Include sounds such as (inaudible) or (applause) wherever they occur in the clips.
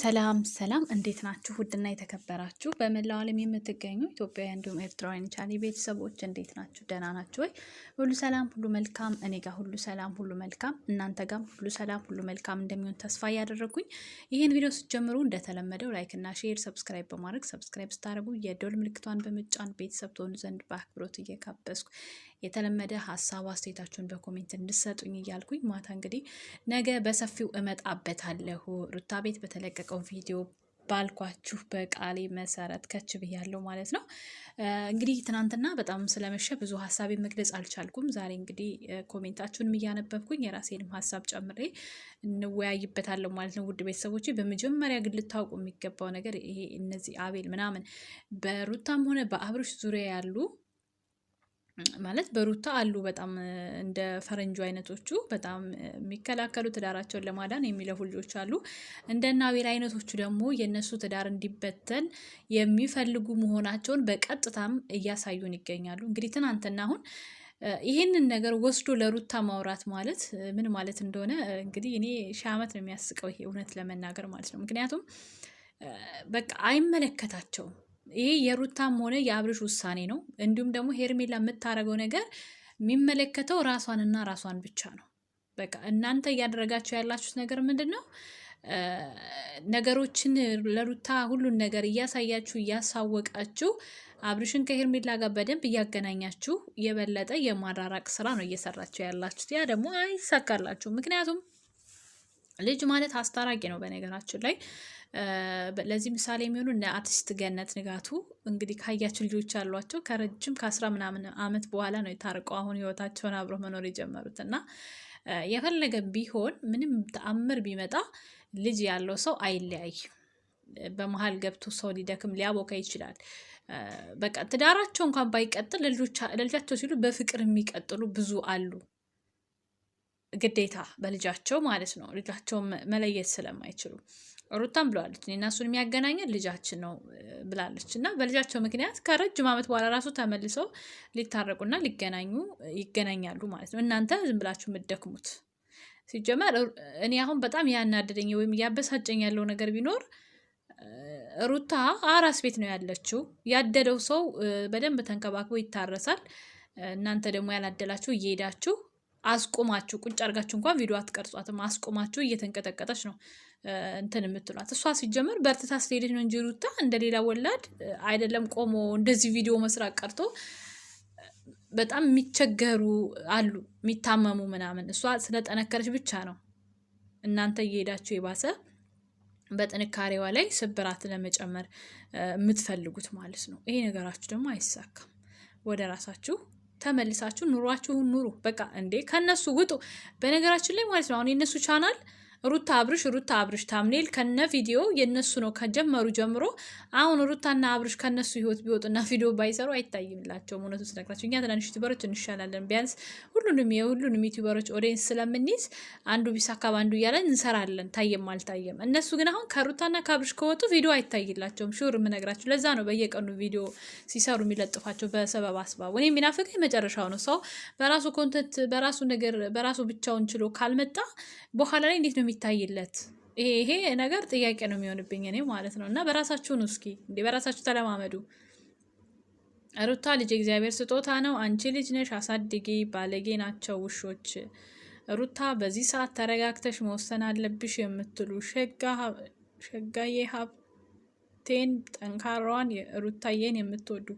ሰላም ሰላም፣ እንዴት ናችሁ? ውድና የተከበራችሁ በመላው ዓለም የምትገኙ ኢትዮጵያውያን እንዲሁም ኤርትራውያን ቻኔ ቤተሰቦች እንዴት ናችሁ? ደህና ናችሁ ወይ? ሁሉ ሰላም፣ ሁሉ መልካም። እኔ ጋር ሁሉ ሰላም፣ ሁሉ መልካም። እናንተ ጋም ሁሉ ሰላም፣ ሁሉ መልካም እንደሚሆን ተስፋ እያደረጉኝ ይህን ቪዲዮ ስትጀምሩ እንደተለመደው ላይክ እና ሼር፣ ሰብስክራይብ በማድረግ ሰብስክራይብ ስታደርጉ የዶል ምልክቷን በመጫን ቤተሰብ ትሆኑ ዘንድ በአክብሮት እየጋበዝኩ የተለመደ ሀሳብ አስተያየታችሁን በኮሜንት እንድሰጡኝ እያልኩኝ ማታ እንግዲህ ነገ በሰፊው እመጣበታለሁ ሩታ ቤት በተለቀቀ በሚለቀው ቪዲዮ ባልኳችሁ በቃሌ መሰረት ከች ብያለሁ ማለት ነው። እንግዲህ ትናንትና በጣም ስለመሸ ብዙ ሀሳብ መግለጽ አልቻልኩም። ዛሬ እንግዲህ ኮሜንታችሁንም እያነበብኩኝ የራሴንም ሀሳብ ጨምሬ እንወያይበታለሁ ማለት ነው። ውድ ቤተሰቦች፣ በመጀመሪያ ግን ልታውቁ የሚገባው ነገር ይሄ እነዚህ አቤል ምናምን በሩታም ሆነ በአብርሽ ዙሪያ ያሉ ማለት በሩታ አሉ በጣም እንደ ፈረንጁ አይነቶቹ በጣም የሚከላከሉ ትዳራቸውን ለማዳን የሚለፉ ልጆች አሉ። እንደ ናቤል አይነቶቹ ደግሞ የእነሱ ትዳር እንዲበተን የሚፈልጉ መሆናቸውን በቀጥታም እያሳዩን ይገኛሉ። እንግዲህ ትናንትና አሁን ይህንን ነገር ወስዶ ለሩታ ማውራት ማለት ምን ማለት እንደሆነ እንግዲህ እኔ ሺህ ዓመት ነው የሚያስቀው ይሄ እውነት ለመናገር ማለት ነው። ምክንያቱም በቃ አይመለከታቸውም ይሄ የሩታም ሆነ የአብርሽ ውሳኔ ነው። እንዲሁም ደግሞ ሄርሜላ የምታደርገው ነገር የሚመለከተው ራሷንና ራሷን ብቻ ነው። በቃ እናንተ እያደረጋችሁ ያላችሁት ነገር ምንድን ነው? ነገሮችን ለሩታ ሁሉን ነገር እያሳያችሁ እያሳወቃችሁ አብርሽን ከሄርሜላ ጋር በደንብ እያገናኛችሁ የበለጠ የማራራቅ ስራ ነው እየሰራችሁ ያላችሁት። ያ ደግሞ አይሳካላችሁ። ምክንያቱም ልጅ ማለት አስታራቂ ነው በነገራችን ላይ ለዚህ ምሳሌ የሚሆኑ እነ አርቲስት ገነት ንጋቱ እንግዲህ ካያቸው ልጆች ያሏቸው ከረጅም ከአስራ ምናምን አመት በኋላ ነው የታርቀው አሁን ህይወታቸውን አብረው መኖር የጀመሩት እና የፈለገ ቢሆን ምንም ተአምር ቢመጣ ልጅ ያለው ሰው አይለያይ። በመሀል ገብቶ ሰው ሊደክም ሊያቦካ ይችላል። በቃ ትዳራቸው እንኳን ባይቀጥል ለልጃቸው ሲሉ በፍቅር የሚቀጥሉ ብዙ አሉ። ግዴታ በልጃቸው ማለት ነው ልጃቸውን መለየት ስለማይችሉ ሩታም ብለዋለች እኔና እሱን የሚያገናኘን ልጃችን ነው ብላለች። እና በልጃቸው ምክንያት ከረጅም ዓመት በኋላ ራሱ ተመልሰው ሊታረቁና ሊገናኙ ይገናኛሉ ማለት ነው። እናንተ ዝም ብላችሁ የምትደክሙት ሲጀመር። እኔ አሁን በጣም ያናደደኝ ወይም ያበሳጨኝ ያለው ነገር ቢኖር ሩታ አራስ ቤት ነው ያለችው። ያደለው ሰው በደንብ ተንከባክቦ ይታረሳል። እናንተ ደግሞ ያላደላችሁ እየሄዳችሁ አስቆማችሁ ቁጭ አርጋችሁ እንኳን ቪዲዮ አትቀርጿትም። አስቆማችሁ እየተንቀጠቀጠች ነው እንትን የምትሏት። እሷ ሲጀመር በእርትታ ስለሄደች ነው እንጂ ሩታ እንደሌላ ወላድ አይደለም። ቆሞ እንደዚህ ቪዲዮ መስራት ቀርቶ በጣም የሚቸገሩ አሉ፣ የሚታመሙ ምናምን። እሷ ስለጠነከረች ብቻ ነው እናንተ እየሄዳችሁ የባሰ በጥንካሬዋ ላይ ስብራት ለመጨመር የምትፈልጉት ማለት ነው። ይሄ ነገራችሁ ደግሞ አይሳካም። ወደ ራሳችሁ ተመልሳችሁ ኑሯችሁን ኑሩ። በቃ እንዴ ከነሱ ውጡ። በነገራችን ላይ ማለት ነው አሁን የነሱ ቻናል ሩታ አብርሽ ሩታ አብርሽ ታምኔል ከነ ቪዲዮ የነሱ ነው ከጀመሩ ጀምሮ። አሁን ሩታና አብርሽ ከነሱ ህይወት ቢወጡና (laughs) ቪዲዮ ባይሰሩ አይታይምላቸውም። እውነቱ ስነግራቸው እኛ ትናንሽ ዩቲዩበሮች እንሻላለን። ቢያንስ ሁሉንም የሁሉንም ዩቲዩበሮች ኦዲየንስ ስለምንይዝ አንዱ ቢሳካ በአንዱ እያለን እንሰራለን፣ ታየም አልታየም። እነሱ ግን አሁን ከሩታና ከአብርሽ ከወጡ ቪዲዮ አይታይላቸውም። ሹር የምነግራቸው ለዛ ነው በየቀኑ ቪዲዮ ሲሰሩ የሚለጥፋቸው በሰበብ አስባብ። እኔ የሚናፍቀኝ የመጨረሻው ነው። ሰው በራሱ ኮንተንት በራሱ ነገር በራሱ ብቻውን ችሎ ካልመጣ በኋላ ላይ እንዴት ነው የሚታይለት ይሄ ነገር ጥያቄ ነው የሚሆንብኝ እኔ ማለት ነው። እና በራሳችሁን እስኪ እንደ በራሳችሁ ተለማመዱ። ሩታ ልጅ እግዚአብሔር ስጦታ ነው። አንቺ ልጅ ነሽ፣ አሳድጊ። ባለጌ ናቸው ውሾች። ሩታ በዚህ ሰዓት ተረጋግተሽ መወሰን አለብሽ የምትሉ ሸጋዬ ሀብቴን ጠንካራዋን ሩታዬን የምትወዱ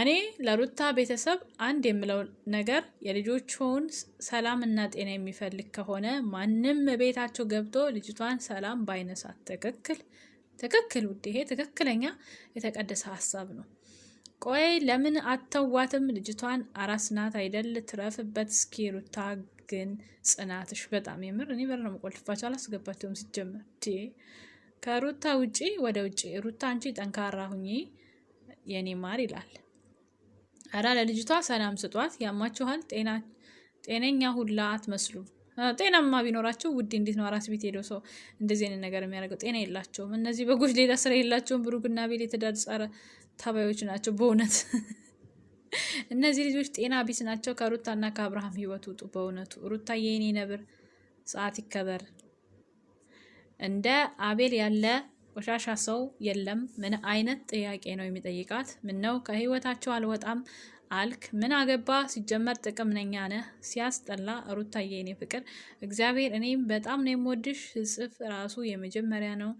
እኔ ለሩታ ቤተሰብ አንድ የምለው ነገር የልጆቹን ሰላም እና ጤና የሚፈልግ ከሆነ ማንም ቤታቸው ገብቶ ልጅቷን ሰላም ባይነሳት ትክክል ትክክል ውድ፣ ይሄ ትክክለኛ የተቀደሰ ሀሳብ ነው። ቆይ ለምን አተዋትም? ልጅቷን አራስ ናት አይደል? ትረፍበት እስኪ። ሩታ ግን ጽናትሽ በጣም የምር እኔ በር ነው አላስገባቸውም። ሲጀመር ከሩታ ውጪ ወደ ውጪ ሩታ አንቺ ጠንካራ ሁኚ የኔ ማር ይላል አረ ለልጅቷ ሰላም ስጧት። ያማችኋል። ጤነኛ ሁላ አትመስሉም። ጤናማ ቢኖራቸው ውድ እንዴት ነው አራስ ቤት ሄደው ሰው እንደዚህ አይነት ነገር የሚያደርገው? ጤና የላቸውም እነዚህ በጎች፣ ሌላ ስራ የላቸውም። ብሩግና ቤል የተዳድ ጸረ ታባዮች ናቸው በእውነት (laughs) እነዚህ ልጆች ጤና ቢስ ናቸው። ከሩታና ከአብርሃም ህይወት ውጡ። በእውነቱ ሩታ የኔ ነብር ሰዓት ይከበር። እንደ አቤል ያለ ቆሻሻ ሰው የለም። ምን አይነት ጥያቄ ነው የሚጠይቃት? ነው ከህይወታቸው አልወጣም አልክ? ምን አገባ? ሲጀመር ጥቅም ነኛ ነህ። ሲያስጠላ! ሩታዬ፣ የኔ ፍቅር፣ እግዚአብሔር እኔም በጣም ነው የምወድሽ። ጽፍ ራሱ የመጀመሪያ ነው።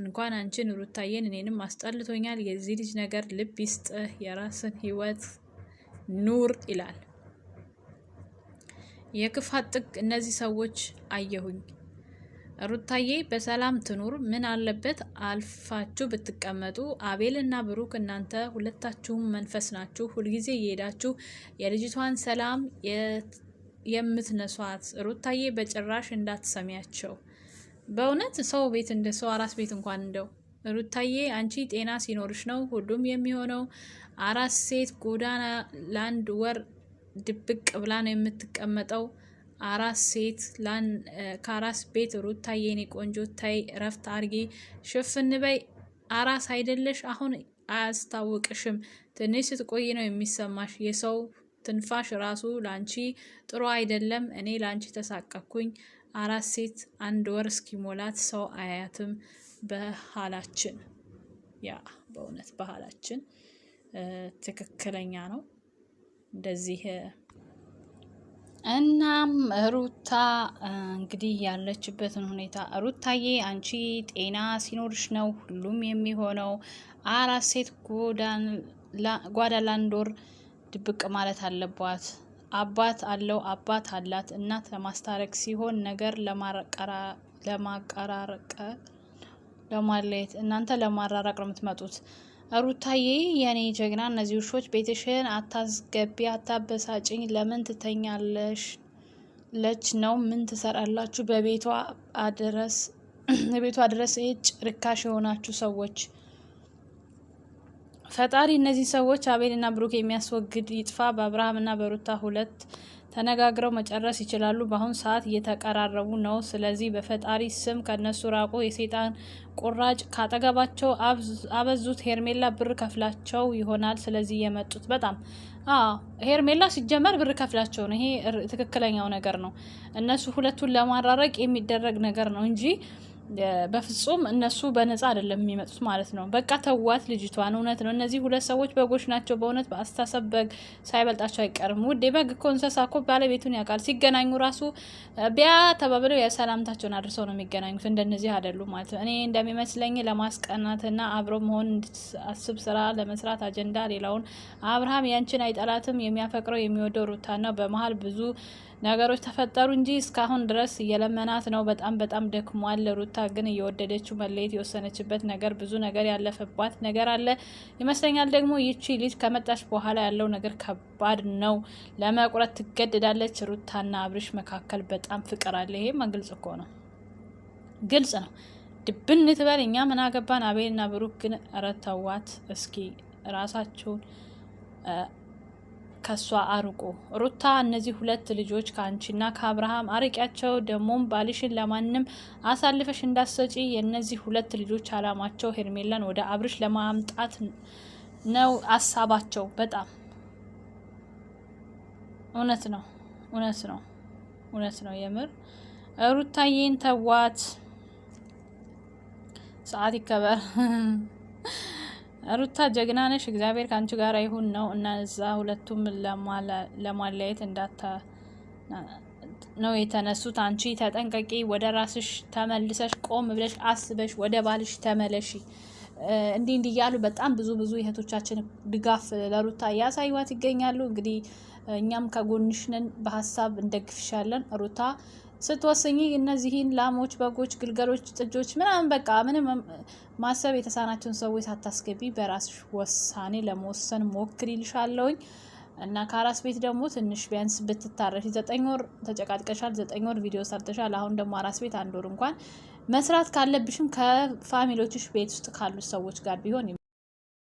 እንኳን አንቺን ሩታዬን እኔንም አስጠልቶኛል። የዚህ ልጅ ነገር ልብ ይስጥህ። የራስን ህይወት ኑር ይላል። የክፋት ጥግ እነዚህ ሰዎች አየሁኝ። ሩታዬ በሰላም ትኑር። ምን አለበት አልፋችሁ ብትቀመጡ። አቤል እና ብሩክ እናንተ ሁለታችሁም መንፈስ ናችሁ። ሁልጊዜ እየሄዳችሁ የልጅቷን ሰላም የምትነሷት ሩታዬ በጭራሽ እንዳትሰሚያቸው። በእውነት ሰው ቤት እንደ ሰው አራስ ቤት እንኳን እንደው ሩታዬ አንቺ ጤና ሲኖርሽ ነው ሁሉም የሚሆነው። አራስ ሴት ጎዳና ለአንድ ወር ድብቅ ብላ ነው የምትቀመጠው። አራስ ሴት ከአራስ ቤት ሩታ የኔ ቆንጆ ታይ ረፍት አርጌ ሽፍን በይ። አራስ አይደለሽ አሁን አያስታውቅሽም። ትንሽ ስትቆይ ነው የሚሰማሽ። የሰው ትንፋሽ ራሱ ላንቺ ጥሩ አይደለም። እኔ ላንቺ ተሳቀኩኝ። አራስ ሴት አንድ ወር እስኪሞላት ሰው አያትም። ባህላችን ያ በእውነት ባህላችን ትክክለኛ ነው እንደዚህ እናም ሩታ እንግዲህ ያለችበትን ሁኔታ ሩታዬ፣ አንቺ ጤና ሲኖርሽ ነው ሁሉም የሚሆነው። አራት ሴት ጓዳ ድብቅ ማለት አለባት። አባት አለው አባት አላት እናት ለማስታረቅ ሲሆን ነገር ለማቀራረቅ ለማለየት እናንተ ለማራራቅ ነው የምትመጡት። ሩታዬ የኔ ጀግና፣ እነዚህ ውሾች ቤትሽን አታስገቢ፣ አታበሳጭኝ። ለምን ትተኛለሽ ለች ነው ምን ትሰራላችሁ? በቤቷ አድረስ የቤቷ እጭ ርካሽ የሆናችሁ ሰዎች ፈጣሪ እነዚህ ሰዎች አቤልና ብሩክ የሚያስወግድ ይጥፋ። በአብርሃምና በሩታ ሁለት ተነጋግረው መጨረስ ይችላሉ። በአሁን ሰዓት እየተቀራረቡ ነው። ስለዚህ በፈጣሪ ስም ከነሱ ራቁ። የሴጣን ቁራጭ ካጠገባቸው አበዙት። ሄርሜላ ብር ከፍላቸው ይሆናል ስለዚህ የመጡት በጣም ሄርሜላ ሲጀመር ብር ከፍላቸው ነው። ይሄ ትክክለኛው ነገር ነው። እነሱ ሁለቱን ለማራረቅ የሚደረግ ነገር ነው እንጂ በፍጹም እነሱ በነጻ አይደለም የሚመጡት ማለት ነው። በቃ ተዋት ልጅቷን። እውነት ነው፣ እነዚህ ሁለት ሰዎች በጎች ናቸው። በእውነት በአስተሳሰብ በግ ሳይበልጣቸው አይቀርም። ውዴ በግ እኮ እንስሳ እኮ ባለቤቱን ያውቃል። ሲገናኙ ራሱ ቢያ ተባብለው የሰላምታቸውን አድርሰው ነው የሚገናኙት። እንደነዚህ አይደሉም ማለት ነው። እኔ እንደሚመስለኝ ለማስቀናትና አብሮ መሆን እንድታስብ ስራ ለመስራት አጀንዳ ሌላውን አብርሃም ያንችን አይጠላትም። የሚያፈቅረው የሚወደው ነው። በመሀል ብዙ ነገሮች ተፈጠሩ እንጂ እስካሁን ድረስ እየለመናት ነው። በጣም በጣም ደክሟል ሩታ ሩታ ግን እየወደደችው መለየት የወሰነችበት ነገር ብዙ ነገር ያለፈባት ነገር አለ ይመስለኛል። ደግሞ ይቺ ልጅ ከመጣች በኋላ ያለው ነገር ከባድ ነው። ለመቁረጥ ትገደዳለች። ሩታና አብርሽ መካከል በጣም ፍቅር አለ። ይሄማ ግልጽ እኮ ነው፣ ግልጽ ነው። ድብን ትበል። እኛ ምን አገባን? አቤልና ብሩክ ግን ረተዋት። እስኪ ራሳችሁን ከሷ አርቁ። ሩታ እነዚህ ሁለት ልጆች ከአንቺና ከአብርሃም አርቂያቸው፣ ደግሞም ባልሽን ለማንም አሳልፈሽ እንዳሰጪ። የእነዚህ ሁለት ልጆች አላማቸው ሄርሜላን ወደ አብርሽ ለማምጣት ነው አሳባቸው። በጣም እውነት ነው፣ እውነት ነው፣ እውነት ነው። የምር ሩታዬን ተዋት። ሰዓት ይከበር። (laughs) ሩታ ጀግና ነሽ፣ እግዚአብሔር ከአንቺ ጋር ይሁን ነው እና እዛ ሁለቱም ለማለያየት እንዳታ ነው የተነሱት። አንቺ ተጠንቀቂ፣ ወደ ራስሽ ተመልሰሽ ቆም ብለሽ አስበሽ ወደ ባልሽ ተመለሺ። እንዲህ እንዲህ እያሉ በጣም ብዙ ብዙ እህቶቻችን ድጋፍ ለሩታ እያሳዩዋት ይገኛሉ። እንግዲህ እኛም ከጎንሽ ነን፣ በሀሳብ እንደግፍሻለን ሩታ ስትወስኝ እነዚህን ላሞች፣ በጎች፣ ግልገሎች፣ ጥጆች ምናምን በቃ ምንም ማሰብ የተሳናቸውን ሰዎች ሳታስገቢ በራስሽ ወሳኔ ለመወሰን ሞክር ይልሻለውኝ እና ከአራስ ቤት ደግሞ ትንሽ ቢያንስ ብትታረሽ ዘጠኝ ወር ተጨቃጥቀሻል። ዘጠኝ ወር ቪዲዮ ሰርተሻል። አሁን ደግሞ አራስ ቤት አንድ ወር እንኳን መስራት ካለብሽም ከፋሚሊዎችሽ ቤት ውስጥ ካሉት ሰዎች ጋር ቢሆን